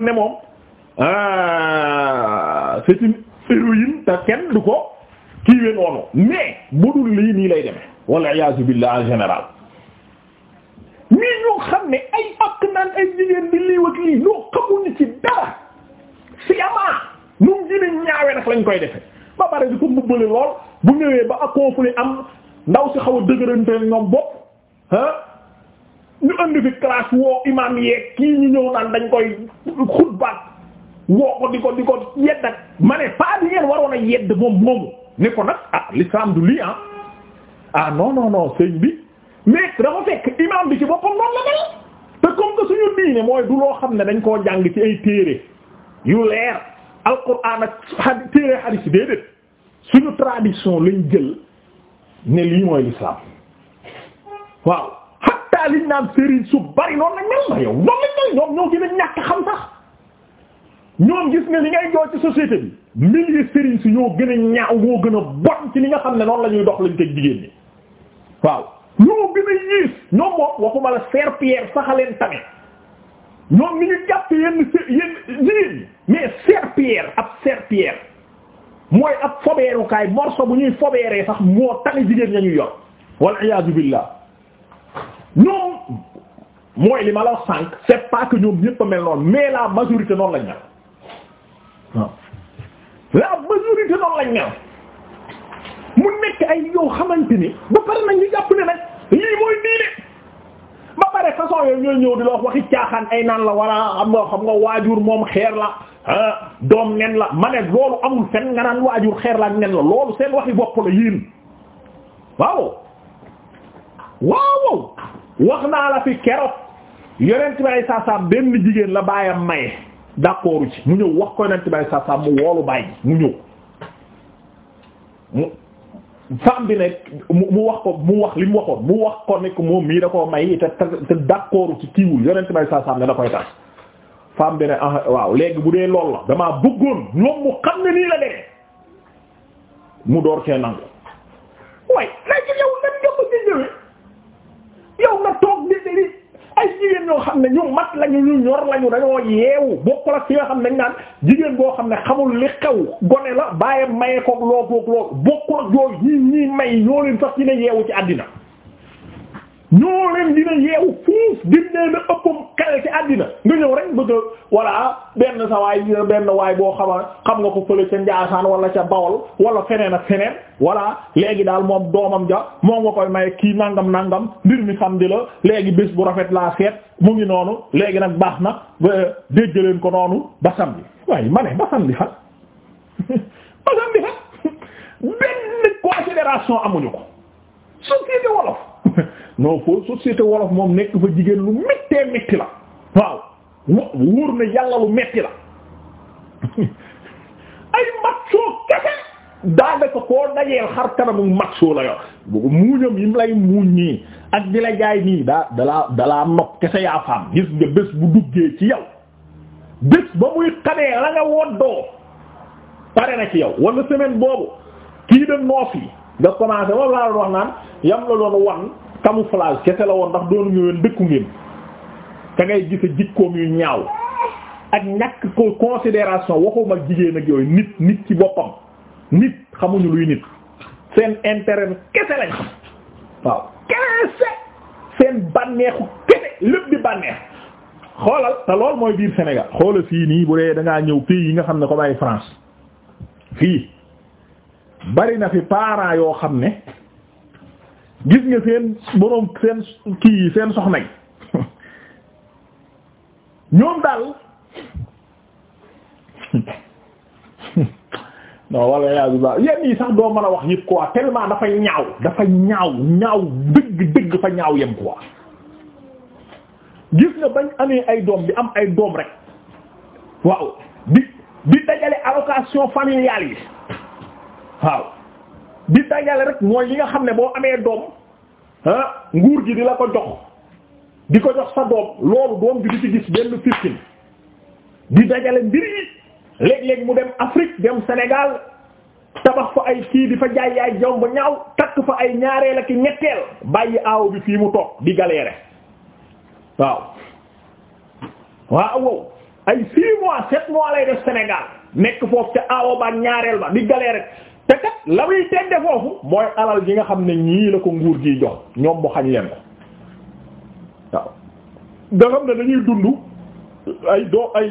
ne moom ah héroïne te kenn du ko kiiwe noonu mais bu dul lii nii lay demee wala iyaazu billah en général mais ñoo xam ne ay ak naan ay jigéen bi lii wak lii ñoo xamuñu ci dara si amaa nu ñaawe nag lañ koy defe ba pare di ko mbubbale lool bu ñëwee ba ak conflit am ndaw si xaw a dëgërante ñoom bopp ah, ñu andi fi classe woo imaam yeeg kii ñu ñëw naan dañ koy xutbaat woo ko di ko di ko yedd ma ne pas bi ngeen waroon a yedd moom moomu ne ko nag ah l'islam du lii ah ah non non non bi mais dafa fekk imaam bi ci boppam noonu la mel te comme que suñu diine mooy du loo xam ne dañ koo jàng ci ay téere yu leer alquran ak xadi téere xadis yi déedéet suñu tradition lañ jël ne lii mooy l'islam waaw. gaa liñ naan sëriñ su bari noonu lañ mel na yow noonu lañ mel ñoom ñoo gën a ñàkk xam sax ñoom gis nga li ngay jox ci société bi milieu sëriñ si ñoo gën a ñaaw ñoo gën a bon ci li nga xam ne noonu la ñuy dox lañ teg jigéen ñi waaw ñoo gën a yiis ñoom moom waxuma la faire pierre saxaleen tamit ñoom ni ñu jàpp yenn yenn jigéen mais faire pierre ab faire pierre mooy ab fobeerukaay morso bu ñuy fobeeree sax moo tane jigéen ña ñu yor wal iyaazu billah ñoom mooy li ma la sànq c'est pas que ñoom ñëpp a mel noonu mais la majorité noonu lañ mel waaw la noonu lañ mel mu nekk ay yow xamante ni ba pare nag ñu jàpp ne nag lii mooy diine ba pare façon yooyu ñëw di la wax waxi caaxaan ay naan la wala nga xam nga waajur moom xeer la ah doom nen la ma ne loolu amul fenn nga naan waajur xeer laa ak nen la loolu seen waxi bopp la yéen waaw waaw. wax naa la fi keroog yonent bi saasaam benn jigéen la baayam maye d'accord ci mu ñëw wax ko yonent bi saasaam mu woolu baay mu ñëw mu femme bi ne mu wax ko mu wax li mu waxoon mu wax ko ne moom mii da koo may te te d'accord ci kiiwul yonent bi saasaam ne da koy tas femme bi ne ah waaw léegi bu dee lool la damaa bëggoon moom mu xam ne nii la demee mu door cee nangu waaye ñoo xam ne ñu mat lañu ñu ñor lañu dañoo yeewu bokkul ak fi nga xam ne dañ naan jigéen boo xam ne xamul li xew gone la bàyyam maye koog loo koog lool bokkul ak yooyu ñii ñii may ñoo leen sax ci ne yeewu ci àddina ñoo leen dina yeewu fuuf gis ne na ëppam xel ci àddina nga ñëw rek bëgg a benn sa waay benn waay boo xama xam nga ko fële sa Njaasaan wala ca Bawol wala feneen ak feneen voilà léegi daal moom doomam ja moom nga koy maye kii nangam nangam mbir mi xam di la léegi bés bu rafet laa seet mu ngi noonu léegi nag baax na dégg ko noonu ba samedi waaye ma ne ba samedi benn considération amuñu ko société wolof non foo société wolof moom nekk fa jigéen lu méttee métti la waaw wóor na yàlla lu métti la ay matsoo kese daanaka koo dajeel xar kanamu matsoo la yo muuñam yi mu lay muuñ nii ak di la jaay nii daa dalaa dalaa nopp kese yaa faam gis nga bés bu duggee ci yow bés ba muy xamee la nga woddoo pare na ci yow wala semaine boobu kii da noof yi nga commencé moom laa doon wax naan yam la doon wan camouflage kese la woon ndax doonu ñu woon dëkku ngeen da ngay gise jikkoom yu ñaaw ak ñàkk ko considération waxuma jigéen ak yooyu nit nit ci boppam nit xamuñu luy nit seen intérêt kese lañ xam waaw kese seen bànneexu kese lépp di bànneex xoolal te lool mooy biir Sénégal xoolal fii nii bu dee da ñëw pays yi nga xam ne ko ay France fii bari na fi parents yoo xam ne gis nga seen boroom seen kii seen soxna yi ñoom daal non wala yaa bi ba yenn yi sax doo mën a wax yëpp quoi tellement dafa ñaaw dafa ñaaw ñaaw dëgg dëgg fa ñaaw yem quoi gis nga bañ amee ay doom bi am ay doom rek waaw di di dajale allocation familiale yi waaw di dajale rek mooy li nga xam ne boo amee doom ah nguur gi di la ko jox di ko jox sa doom loolu doom bi di ci gis benn fiskin di dajale mbir yi léeg-léeg mu dem Afrique dem Sénégal tabax fa ay kii di fa jaay yaay jom ba ñaaw takk fa ay ñaareel ak ñetteel bàyyi aaw bi fii mu toog di galérer waaw waaw wow ay six mois sept mois lay def Sénégal nekk foofu ca aawo ba ñaareel ba di galérer rek te kat la muy tedde foofu mooy alal ji nga xam ne ñii la ko nguur gi jox ñoom mu xañ leen ko waaw nga xam ne dañuy dund ay doo ay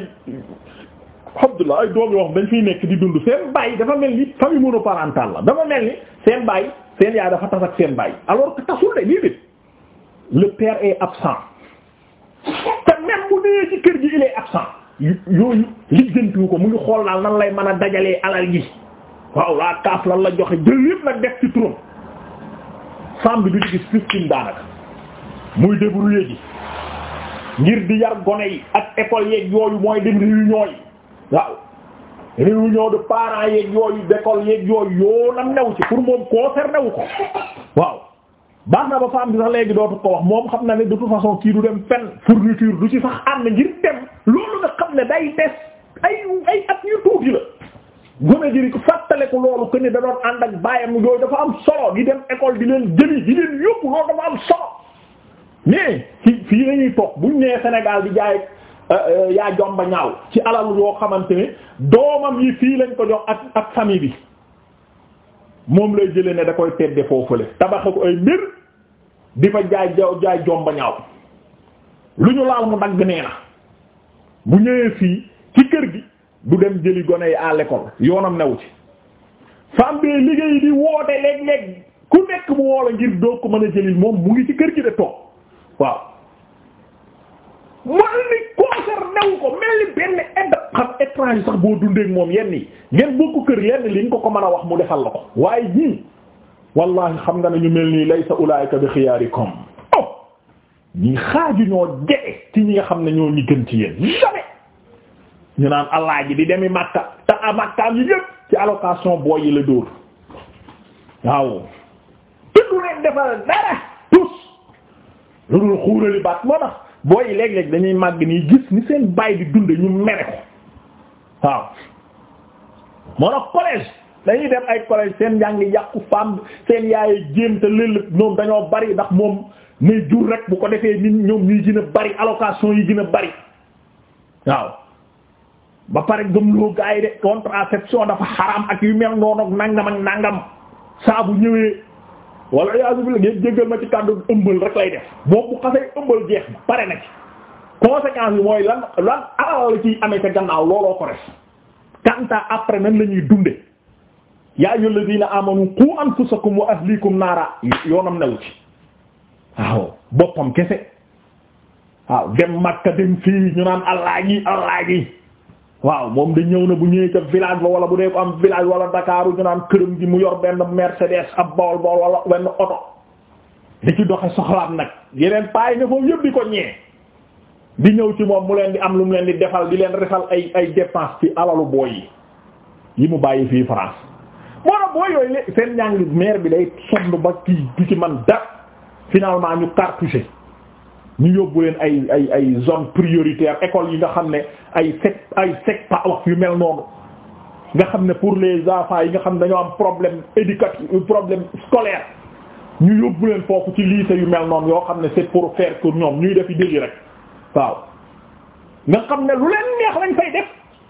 Abdullah ay doom yoo xam dañ fiy nekk di dund seen baay dafa mel ni famille monoparentale la dafa mel ni seen baay seen yaay dafa tas ak seen baay alors que tasul de lii le père absent te même bu dee ci kër gi il est absent yooyu lijjantiwu ko mu ngi xool naa nan lay mën a dajalee alal gi waaw waa kaaf lan la joxe jël yëpp nag def ci turam sàmm bi du ci gis daanaka muy débrouiller ji ngir di yar gone yi ak école yeeg yooyu mooy dem réunion yi waaw réunion de parents yeeg yooyu d'école yeeg yooyu yoonam new ci pour moom concerné wu ko waaw baax na ba femme bi sax léegi dootu ko wax moom xam na ne de toute façon kii du dem fenn fourniture du ci sax ànd ngir dem loolu nga xam ne day des ay ay at yu tuuti la. gone gi di fàttaliku loolu que ni da doon ànd ak baayam yooyu dafa am solo di dem école di leen jëli di leen yóbbu loolu dafa am solo mais fii fii la ñuy toog buñ nee Sénégal di jaay euh, euh, yaa jomba ñaaw ci alal yoo xamante ne doomam yi fii lañ ko jox ak ak famille bi moom lay jëlee ne da koy tedde foofule tabaxe ko ay mbir di fa jaay jaay jomba ñaaw lu ñu laal mu dagg nee na bu ñëwee fii ci kër gi. du dem jëli gone yi à l'école yoonam new ci femme bee liggéey di woote léeg-léeg ku nekk mu woola ngir doo ko mën a jëlil moom mu ngi ci kër gi de toog waaw man ni concert new ko mel ni benn edd xam étranger sax boo dundee moom yenn yi ngeen bokk kër yenn li nga ko ko mën a wax mu defal la ko waaye ñii wallahi xam nga ne ñu mel nii laysa ulaayika bi xiyaarikum oh ñi xaaju ñoo jege ci ñi nga xam ne ñoo ñi gën ci yéen jamais ñu naan allah ji di demi makka te a makkaam yi yëpp ci allocation booy yi la dóor waaw te du leen defal dara tus lu dul xuurali baat moo tax booy yi léeg-léeg dañuy màgg nii gis ni seen baay di dunde ñu mere ko waaw moo tax collège dañuy dem ay collège seen njàng yàqu femme seen yaaye jéem te léeg-léeg dañoo bari ndax moom ne jur rek bu ko defee nit ñoom ñuy gën bari allocation yi gën bari waaw ba pare gëmloo gars yi de contraception dafa xaraam ak yu mel noonu ak nangam ak saa bu ñëwee wala yaasu bi la ngeen jéggal ma ci kàddu ëmbal rek lay def boo bu xasee ëmbal jeex na pare na ci conséquence bi mooy lan lan alal la ciy amee ca gannaaw looloo ko def kanta après nan la ñuy dunde yaa ayyuhal ladina amanu qu anfusakum wa ahlikum naara yoonam newu ci waaw boppam kese waaw dem Makka dem fii ñu naan allah gi waaw moom di ñëw na bu ñëwee ca village ba wala bu dee ko am village wala ndakaaru ñu naan këram gi mu yor benn Mercedes ab bawol bawol wala benn oto di ci doxe soxlaam nag yeneen paay ne foofu yëpp ko ñee di ñëw ci moom mu leen di am lu mu leen di defal di leen refal ay ay dépense ci alalu booy yi yi mu bàyyi fii France moo tax booy yooyu seen njàng maire bi day sonn ba kii du ci man dara finalement ñu cartouché ñu yóbbu leen ay ay ay zone prioritaire école yi nga xam ne ay sec ay sec wax yu mel noonu nga xam ne pour les enfants yi nga xam ne dañoo am problème éducatif euh, problème scolaire ñu yóbbu leen foofu ci lycée yu mel noonu yoo xam ne c'est pour faire pour ñoom ñuy def déli rek waaw nga xam ne lu leen neex lañ fay def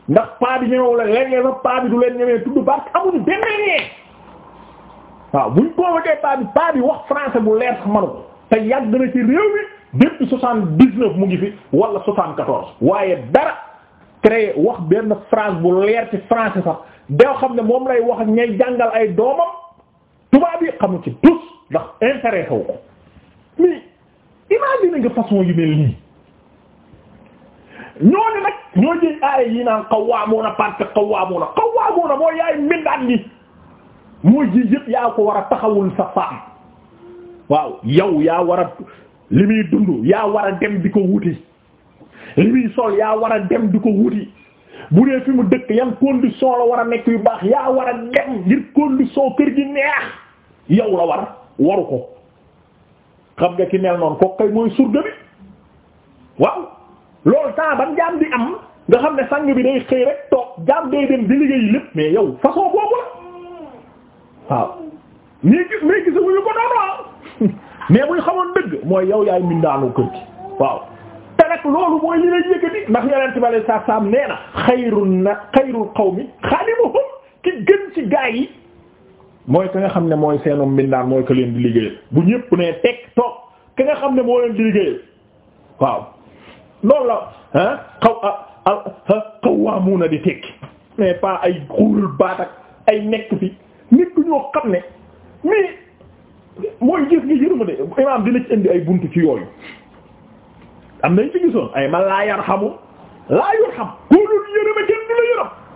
ndax paa bi ñëwee la léeg-léeg sax du leen ñëwee tudd barke amuñu benn lien waaw buñ convoqué paa bi paa wax français bu leer sax te yàgg depuis soixante dix mu ngi fi wala soixante-quatorze waaye dara créé wax benn phrase bu leer ci français sax doo xam ne moom lay wax ak ñay jàngal ay doomam tubaab yi xamu ci tous ndax intérêt xew ko mais imagine nga façon yu mel nii ñooñu nag ñoo jël aaya yi naan qawwaamuuna parce qawwaamuuna qawwaamuuna mooy yaay mbindaan gi mooy ji yëpp yaa ko war a taxawul sa faam waaw yow yaa war li muy dund yaa war a dem di ko wuti li muy sol yaa war a dem di ko wuti bu dee fi mu dëkk yan condition la war a nekk yu baax yaa war a dem ngir condition kër gi neex yow la war waru ko xam nga ki mel noonu ko kay mooy surga bi waaw loolu temps jaam di am nga xam ne sang bi day xëy rek toog jaam day dem di liggéey lépp mais yow façon boobu la waaw nii gis mais gisa wuñu ko noonu waaw mais buñ xamoon dëgg mooy yow yaay mindaanu kër gi waaw te nag loolu mooy li lay yëkkati ndax yonent bale sa saam nee na xayrun na xayrul qawmi xaadimuhum ki gën ci gaa yi mooy ka nga xam ne mooy seenu mbindaan mooy ka leen di liggéeyal bu ñëpp ne teg toog ka nga xam ne moo leen di liggéeyal waaw loolu la ah xaw a xawaamuuna di tekki mais pas ay xuurul baat ak ay nekk fi nit ku ñoo xam ne mais mooy gis gi yërmande imaam dina ci indi ay buntu ci yooyu am nañ ci gisoon ay man laa yarhamu laa yurham ku dul yërëma kenn du la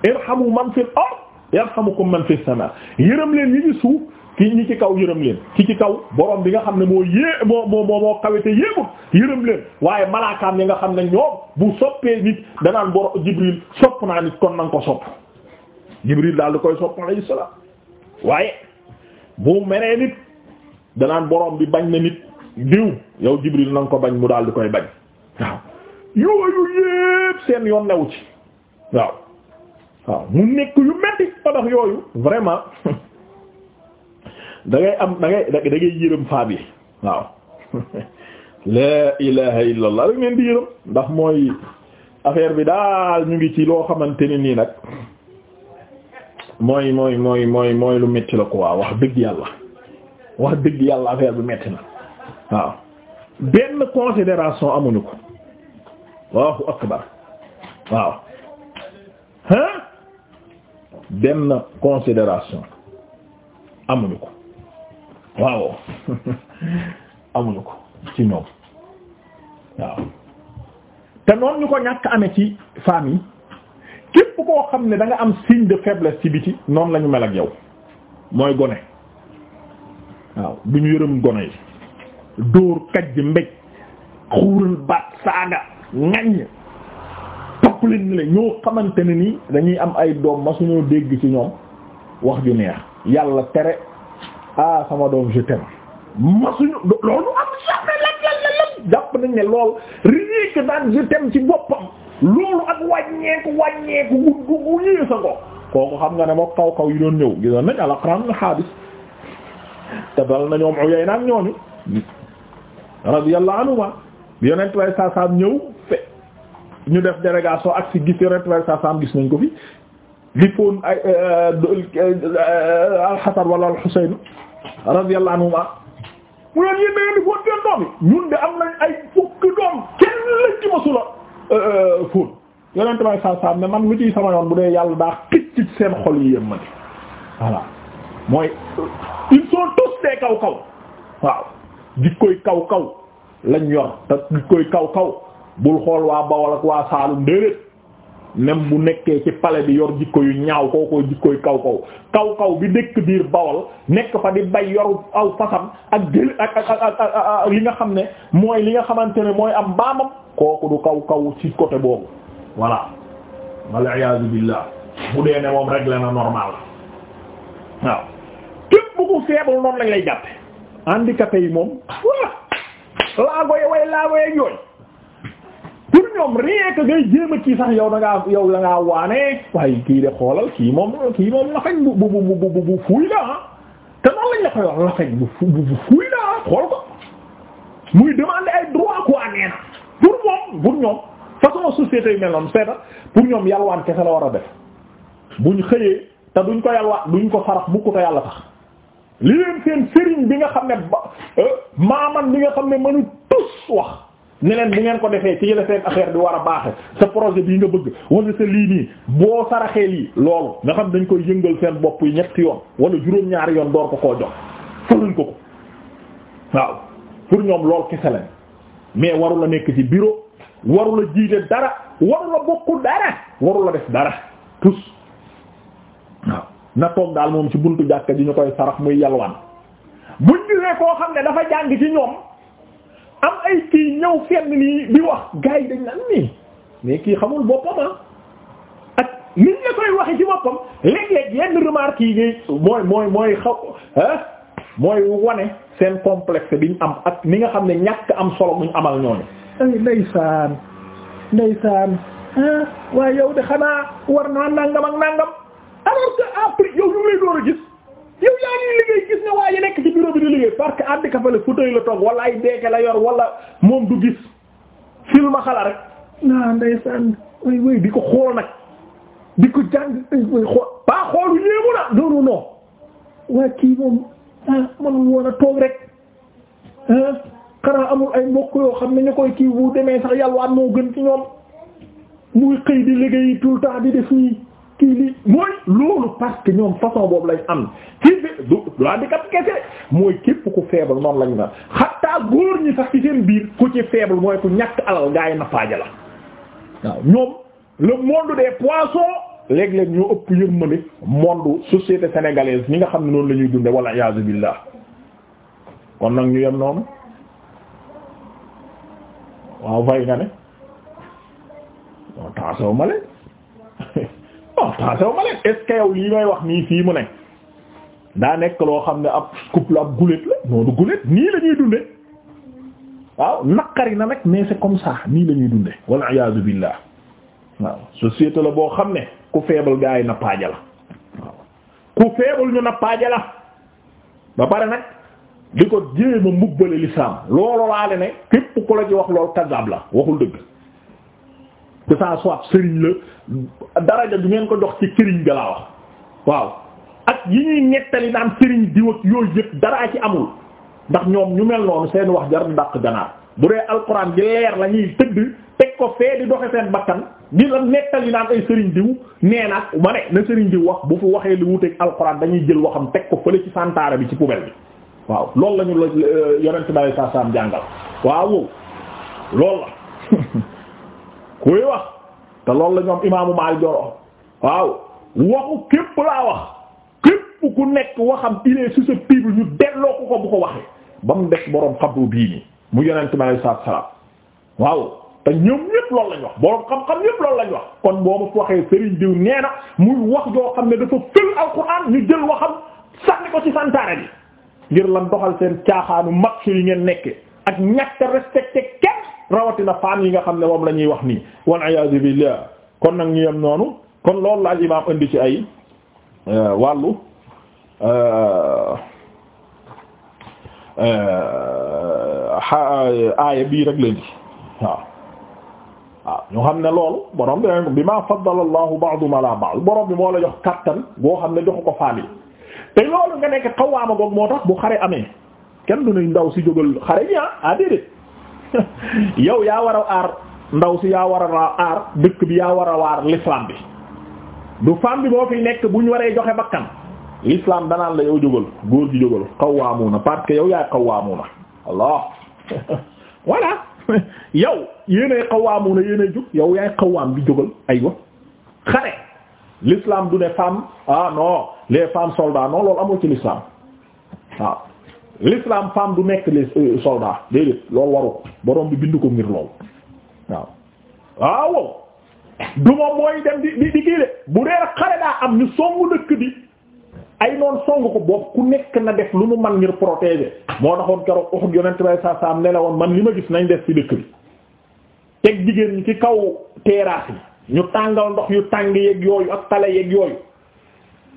yërëm irhamu man fil ard yarhamukum man fis sama yërëm leen ñi ci ki ñi ci kaw yërëm leen ki ci kaw borom bi nga xam ne moo yée moo moo moo yërëm leen waaye malaakaam yi nga xam ne ñoom bu soppee nit danaan boro jibril sopp naa nit kon nanga ko sopp jibril daal di koy sopp waaye bu meree nit danaan borom bi bañ na nit diw yow Jibril na ko bañ mu daal di koy bañ waaw yooyu yépp seen yoon new ci waaw waaw mu nekk yu metti ba tax yooyu vraiment dangay am da ngay da ngay yërëm faab yi waaw laa ilaha illa allah da di yërëm ndax mooy affaire bi daal ñu ngi ci loo xamante ne nii nag mooy mooy mooy mooy mooy lu metti la ko waaw wax dëgg yàlla wax dëgg yàlla affaire bi metti na waaw benn considération amuñu ko Allahu akbar waaw hein benn considération amuñu ko waaw amuñu ko ci ñoom waaw te noonu ñu ko ñàkk amee ci famille képp koo xam ne da am signe de faiblesse ci biti noonu la mel ak yow mooy gone waaw ñu yërëm gone yi dóor kajj mbéj xuural baat saaga ŋaññ topp leen ni la ñoo xamante ne ni dañuy am ay doom ma suñoo dégg ci ñoom wax ju neex yàlla tere ah sama doom je ma suñu loolu am jamais nañ ne lool rien que daan je ci boppam loolu ak wàññeeku wàññeeku gu gu gu yéesa ko kooku xam nga ne moo kaw kaw yi doon ñëw gisoon nañ alaqram na xaadis te dal na ñoom Uyayna ak ñooñu radiyallahu anhuma yonent way saa saam ñëw fe ñu def délégation ak si gis yonent way saa saam gis nañ ko fi li foon ay euh, euh, euh, al-Hasan wala al-Husayn radiyallahu anhuma mu leen yéen na di foon seen doom yi ñun de am nañ ay fukki doom kenn lañ masula foon yonent saa saam ne lu ciy sama yoon bu dee yàlla daa xicc ci seen xol yi yem ma di voilà mooy dee kaw kaw waaw jikkoy kaw kaw lañ yor te kaw kaw bul xool waa Bawol ak waa Saalum déedéet même bu nekkee ci pale bi yor jikko yu ñaaw kookoo jikkoy kaw kaw kaw kaw bi dëkk biir Bawol nekk fa di bay yoru aw fasam ak dél ak ak li nga xam ne mooy li nga xamante ne mooy am baamam kooku du kaw kaw ci côté boobu voilà wal iyaazu billah bu dee ne moom rek na normal waaw ku feebul noonu lañ lay jàppe handicapé yi moom laago yi way laago yi yooyu pour ñoom rien ngay jéem a kii sax yow da yow da ngaa waane waaye kii de xoolal kii moom kii moom la fañ bu bu bu bu bu fuuy la ah te noonu lañ la koy wax la bu fuuy la ah, xool ko muy demander ay droit quoi nee na pour moom pour ñoom façon société yu mel noonu seeta pour ñoom yalwaan kese la war a def buñ xëyee te duñ ko yalwaan duñ ko farax mukk te yàlla tax. li leen seen sëriñ bi nga xam ne ba euh, maaman bi nga xam ne mënu tus wax ne leen bu ngeen ko defee ci la seen affaire bi war a baaxe sa projet bii nga bëgg wala sa lii nii boo saraxee lii loolu nga xam dañ koy yëngal seen bopp yi ñetti yoon wala juróom-ñaari yoon door ko koo jox faluñ ko ko waaw pour ñoom lool kese lañ mais waru la nekk ci bureau waru la jiite dara waru bokku dara waru def dara tus na toog daal moom ci buntu jàkka ji ñu koy sarax muy yalwaan buñ gisee koo xam ne dafa jàng ci ñoom am ay kii ñëw fenn nii di wax gars dañ naan kii xamul boppam ah ak liñ la mooy mooy ah, mooy wane seen complexe biñ am ak ni nga xam ne ñàkk am solo muñ amal ñooñu ay ndeysaan ndeysaan ah, waaye yow de xanaa war naa nangam ak nangam alors que après yow ñu ngi lay door a gis yow yaa ngi liggéey gis ne waa yi nekk ci bureau di liggéey parce que ànd ka fa la fauteuil la toog wala ay deeke la yor wala moom du gis film xala rek naa ndeysaan way way ko xool nag di ko jàng xool pas xoolu yéemu na non non non kii moom ah, man woon a toog rek ah xanaa amul ay mbokk yoo xam ne ñu koy kii bu demee sax yàlla moo gën ci ñoom muy xëy di liggéey tout le temps di def kii lii mooy loolu parce que ñoom façon boobu lañ am ci du laa di kat mooy képp ku faible noonu lañ na xattaa góor ñi sax ci seen biir ku ci faible mooy ku ñàkk alal gaa yi na faaja la waaw ñoom le monde des poissons léeg-léeg ñoo ëpp yërmande monde société sénégalaise ñi nga xam ne noonu lañuy ñuy dunde wala iyaazu billah kon nag ñu yem noonu waaw fay nga ne non taasoo ma non pensé yow lii may wax nii fii mu ne daa nekk loo xam ne ab couple ab gulet la noonu gulet nii la ñuy dunde waaw naqari na nag mais c'est comme ça nii lañuy dunde walla iyaazu billah waaw société la boo xam ne ku faible gaa yi nappaaja la waaw ku faible ñu nappaaja la ba pare nag di ko jéema mbubbale lislaam loolu laale ne képp ku la ci wax lool kazab la waxul dëgg que ça soit sëriñ la daraja du ngeen ko dox ci sëriñ ga laa wax waaw ak yi ñuy nettali naan sëriñ diw ak yooyu yëpp daraa ci amul ndax ñoom ñu mel noonu seen wax jar ndàq ganaar bu dee alxuraan bi leer la ñuy tëdd teg ko fee di doxe seen bakkan di la nettali naan ay sëriñ diw nee na ma ne na sëriñ diw wax bu fu waxee li wuteeg alxuraan dañuy jël waxam teg ko fële ci santaara bi ci poubelle bi waaw lool la ñu la yonent bi sallallahu alayhi wasallam jàngal waaw loolu kuy wax te loolu la ñoom imaamu Maalik joro waaw waxu képp laa wax képp ku nekk waxam il est susceptible ñu delloo ko ko bu ko waxee ba mu des boroom xam-xam bii nii mu yonente bi alei waaw te ñoom ñépp loolu lañ wax loolu lañ wax kon boo ma waxee Serigne diw nee na muy wax joo xam ne dafa fël alxuraan ñu jël waxam sànni ko ci santaare bi ngir lan doxal seen caaxaanu mag yi ngeen nekke ak ñàkk respecté kenn rawatina faan yi nga xam ne moom la ñuy wax nii wal iyaadu billah kon nag noonu kon loolu la al imaam indi ci ay euh, wàllu euh, euh, bii rek leen waaw ñu xam ne loolu borom bi bi ma faddala allahu ba'dahum ala ba'd borom bi moo la jox kattan boo xam ne joxu ko faam yi te loolu nga nekk xawaama goog moo tax bu xare amee kenn du ne ndaw si jógal xare ñi ah, ah déedéet yow yaa war a aar ndaw si yaa war a aar dëkk bi yaa war a waar l'islam bi du femme bi boo fi nekk bu ñu waree joxe bakkan l'islam danaan la yow jógal góor gi jógal qawwaamuuna parce que yow yaay qawwaamuuna Allah voilà yow yéenay qawwaamuuna yéenay jóg yow yaay qawwaam bi jógal aywa xare l'islam du ne femme ah non les femmes soldats non loolu amul ci l'islam waaw. Ah. l'islam femme du nekk les euh, soldats déedéet loolu waru ko borom bi bind ko ngir lool waaw ah, waaw du moom mooy dem di di di kii de bu dee xare daa am ñu songu dëkk bi ay noon songu ko boobu ku nekk na def lu mu man ngir protéger moo taxoon keroog Uhud yonent bay saa saa am ne man li ma gis nañ def ci dëkk bi teg jigéen ñi ci kaw terrasse yi ñu tàngal ndox yu tàng yeeg yooyu ak tale yéeg yooyu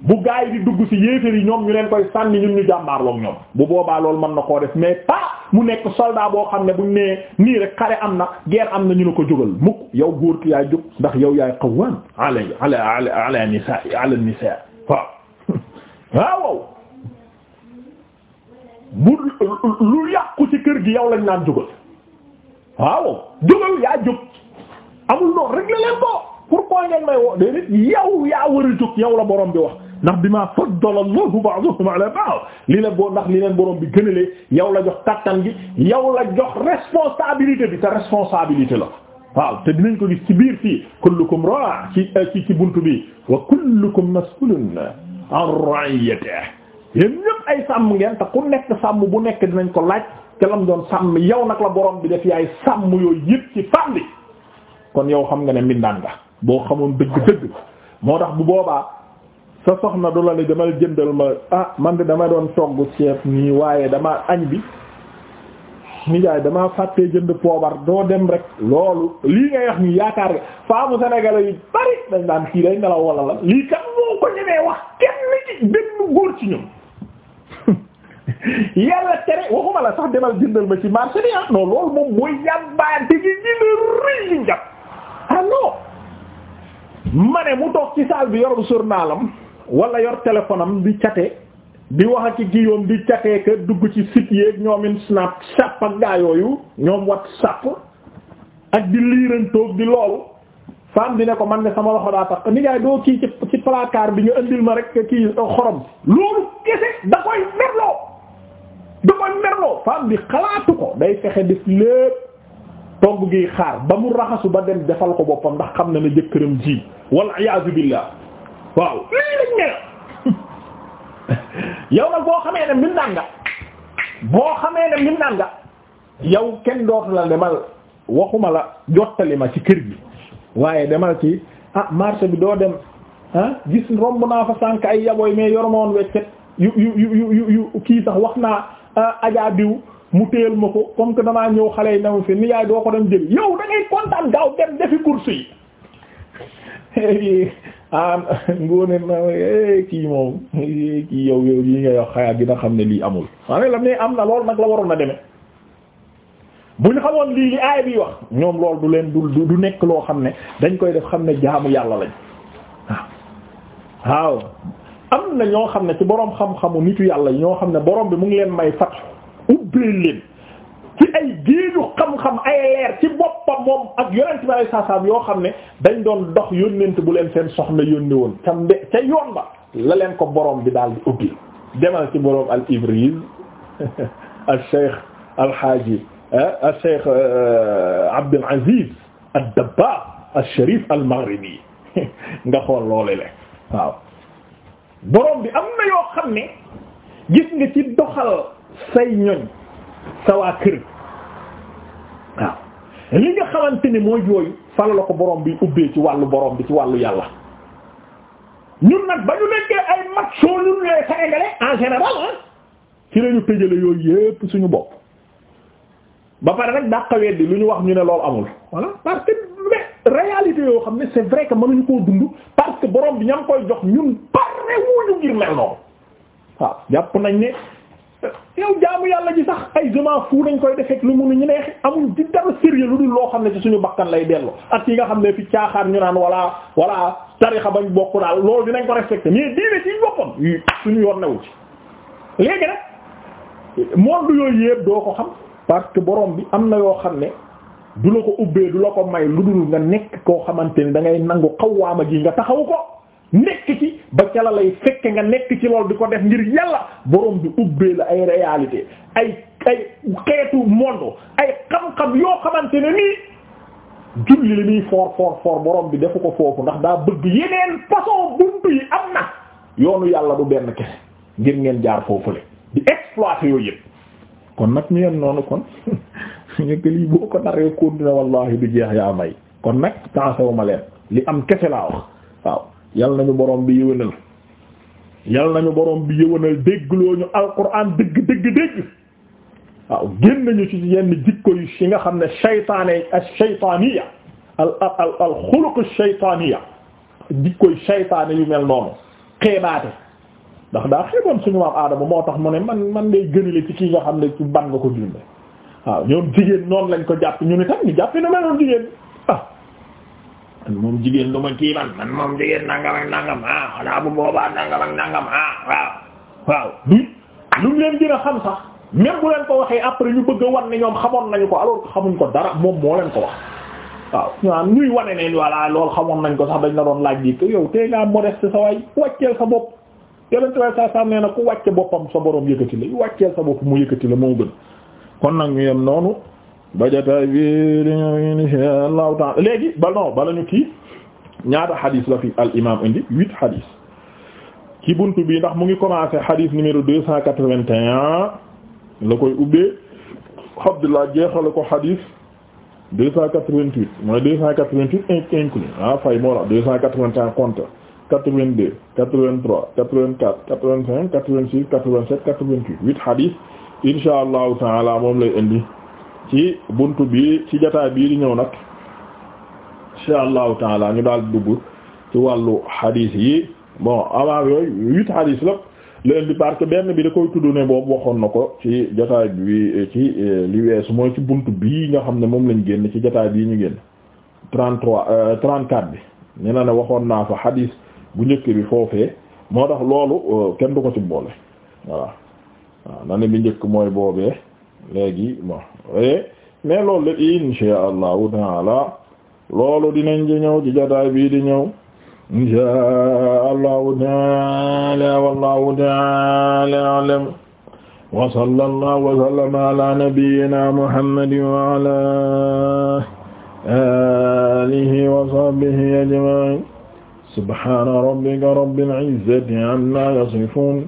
bu gaa yi di dugg ci yéeféer yi ñoom ñu leen koy sànni ñun ñu jàmbaarloog ñoom bu boobaa loolu mën na koo def mais pas mu nekk soldat boo xam ne buñ nee nii rek xare am na guerre am na ñu ne ko jógal mukk yow góor ki yaay jóg ndax yow yaay qawwam ala ala ala nisa ala nisa waaw ci kër gi yow lañ naan jógal waaw jógal yaa jóg amul noonu rek la leen ko pourquoi ngeen may woo déedéet yow yaa war a jóg yow la borom bi wax ndax bima faddala Allahu ba'dahum ala ba'd li boo ndax li leen bi gënalee yow la jox kattan gi yow la jox responsabilité bi te responsabilité la waaw te dinañ ko gis ci biir fii kullukum ra' ci ci ci buntu bi wa kullukum mas'ulun an ra'iyatihi yéen ñëpp ay sàmm ngeen te ku nekk sàmm bu nekk dinañ ko laaj te lam doon sàmm yow nag la borom bi def ay sàmm yooyu yëpp ci fànn bi kon yow xam nga ne mbindaan nga boo xamoon dëgg-dëgg moo tax bu boobaa. sa soxna du la li demal jëndal ma ah man de dama doon togg ceeb nii waaye dama añ bi nijaay dama fàtte jënd poobar doo dem rek loolu lii ngay wax nii yaakaar nga faamu sénégalais yi bari dañ daan kii day nelaw wala la lii kan moo ko ñemee wax kenn ci benn góor ci ñun yàlla tere waxuma la sax demal jëndal ma ci marché bi ah non loolu moom mooy yàmbaante gi gëna rëy li njàpp ah ma ne mu toog ci salle bi yorul journalam wala yor téléphone am di cate di wax ak ki yoon di catee que dugg ci site yeeg ñoomin Snapchat ak gaa yooyu ñoom WhatsApp ak di liirantoog di loolu femme bi ne ko man ne sama loxo daa tax ni ngay doo kii ci ci bi ñu indil ma rek kii uh, xorom loolu kese da koy merloo da koy merloo femme bi xalaatu ko day fexe def lépp togg gi xaar ba mu raxasu ba dem defal ko boppam ndax xam na ne jëkkëram ji wal iyaazu billah waaw lii lañ yow nag boo xamee ne min naan boo xamee ne min naan nga yow kenn dootu la demal waxuma la jottali ma ci kër gi waaye demal ci ah marché bi doo dem ah gis romb naa fa sànk ay yaboy mais yoromoon weccet yu yu yu yu kii sax wax naa ajaa ah, diw mu téyel ma ko comme que damaa ñëw xale yi naw fi ni yaay doo ko dem jël yow da ngay gaaw dem defi course yi ah Ngone eh, kii moom eh, kii yow yow yi nga yow xayaa dina xam ne lii amul maa ne la mais am na lool nag la waroon na deme bu ñu xamoon lii li aay bi wax ñoom lool du leen du du nekk loo xam ne dañ koy def xam ne jaamu yàlla lañ waaw waaw am na ñoo xam ne ci boroom xam-xamu nitu yàlla ñoo xam ne boroom bi mu ngi leen may fat ubbee leen ci ay géeju xam ay leer ci boppam moom ak yonent bi ay saasaam yoo xam ne dañ doon dox yónnent bu leen seen soxna yónni woon ca mbe ca yoon ba la leen ko borom bi daal di ubbi demal ci borom al Ibriz al Cheikh al Hadji eh, al Cheikh eh, Abdul Aziz al Dabbaag al Sharif al Maghribi nga xool loole le borom bi am na yoo xam ne gis nga ci doxal say ñoñ sa waa kër li nga xamante ni mooy yooyu fala la ko boroom bi ubbee ci wàllu boroom bi ci wàllu yàlla ñun nag ba ñu nekkee ay mag soo ñun les Sénégalais en général ah ci lañu tëjale yooyu yépp suñu bopp ba pare rek dàqawee di lu ñu wax ñu ne loolu amul voilà parce que réalité yoo xam ne c'est vrai que mënuñu koo dund parce que borom bi ña ngi koy jox ñun pare wuñu ngir mel noonu waaw jàpp nañ ne yow jaamu yàlla ji sax ay jamono fu nañ koy defek lu mënu ñu neex amuñ di dara sérieux lu dul loo xam ne ci suñu bakkan lay dellu ak yi nga xam ne fi caaxaan ñu naan wala wala tarixa bañ bokk daal loolu dinañ ko respecté mais diine ci boppam suñu yoon newu ci léegi nag monde yooyu yëpp doo ko xam parce que borom bi am na yoo xam ne du la ko ubbee du la ko may lu dul nga nekk koo xamante ni da ngay nangu xawaama gi nga taxaw ko nekk ci ba ca la lay fekke nga nekk ci lool di ko def ngir yàlla borom bi ubbee la ay réalité ay ay xeetu monde ay xam-xam yoo xamante ne nii julli li muy foor foor foor borom bi defu ko foofu ndax daa bëgg yeneen façon buntu yi am na yoonu yàlla du benn kese ngir ngeen jaar foofule di exploiter yooyu yëpp kon nag ñu yem noonu kon ñekk lii boo ko naree continuer wallahi du jeex yaa may kon nag tansewuma leen li am kese laa wax waaw yal nañu borom bi yëwénal yal nañu boroom bi yëwénal déggloo ñu alquran dëgg dégg dëgg waaw génn nañu ci yenn jikko yu yi nga xam ne shaytaane ash-shaytaaniya al al al xuluq ash-shaytaaniya jikko yu yu mel noonu xeebaate ndax daa xeeboon suñu maam aadama moo tax mu ne man man day gënale ci kii nga xam ne ci ban nga ko dundee waaw ñoom jigéen noonu lañ ko jàpp ñu ni tam jàpp ne meloon jigéen. man moom jigéen du ma kii man moom jigéen nangam ak nangam ah xanaa bu boobaa nangam ak nangam ah waaw waaw du luñ leen gën a xam sax même bu leen ko waxee après ñu bëgg a wan ne ñoom xamoon nañu ko alors que ko dara moom moo leen ko wax waaw ñaan ñuy wane ne voilà loolu xamoon nañ ko sax dañ la doon laaj yi yow tey ngaa modeste sa waay wàcceel sa bopp yelentway sa sam nee na ku wàcce boppam sa borom yëkkati la wàcceel sa bopp mu yëkkati la moo gën kon nag ñu yem noonu ba jotaay bi di ñëw insha allahu taala léegi ba non bala ñu kii ñaata xadis la fi al imam indi huit xadis ci buntu bi ndax mu ngi commencé xadis numéro deux cent quatre-vingt-un la koy ubbee Abdullah jeexale ko xadis deux cent quatre-vingt-huit mooy deux cent quatre-vingt-huit inclus ah fay moo la deux cent quatre-vingt-un compte 82 83 84 85 86 87 88 huit xadis insha allahu taala moom lay indi ci bunt bi ci jotaay bii di ñëw nag insha allahu taala ñu daal dugg ci wàllu hadith yi bon avant yooyu huit hadith la leen di parce que benn bi da koy tudd ne boobu waxoon na ko ci jotaay bi ci euh, li weesu mooy ci bunt bii nga xam ne moom lañ génn ci jotaay bii ñu génn trente trois euh, trente quatre bi ñu ne ne waxoon naa fa hadith bu njëkk bi foofee moo tax loolu euh, kenn du ko ci boole voilà waaw na ne bi njëkk mooy boobee. léegi bon eh, mais loolu la insha allahu taala loolu dinañ ci ñëw ci jotaay bii di ñëw insha allahu taala wallahu taala alam wa sallallahu wa sallama ala nabiyyina muhammadin wa ala alihi wa sahbihi ajma'in subhana rabbika rabbil izzati amma yasifun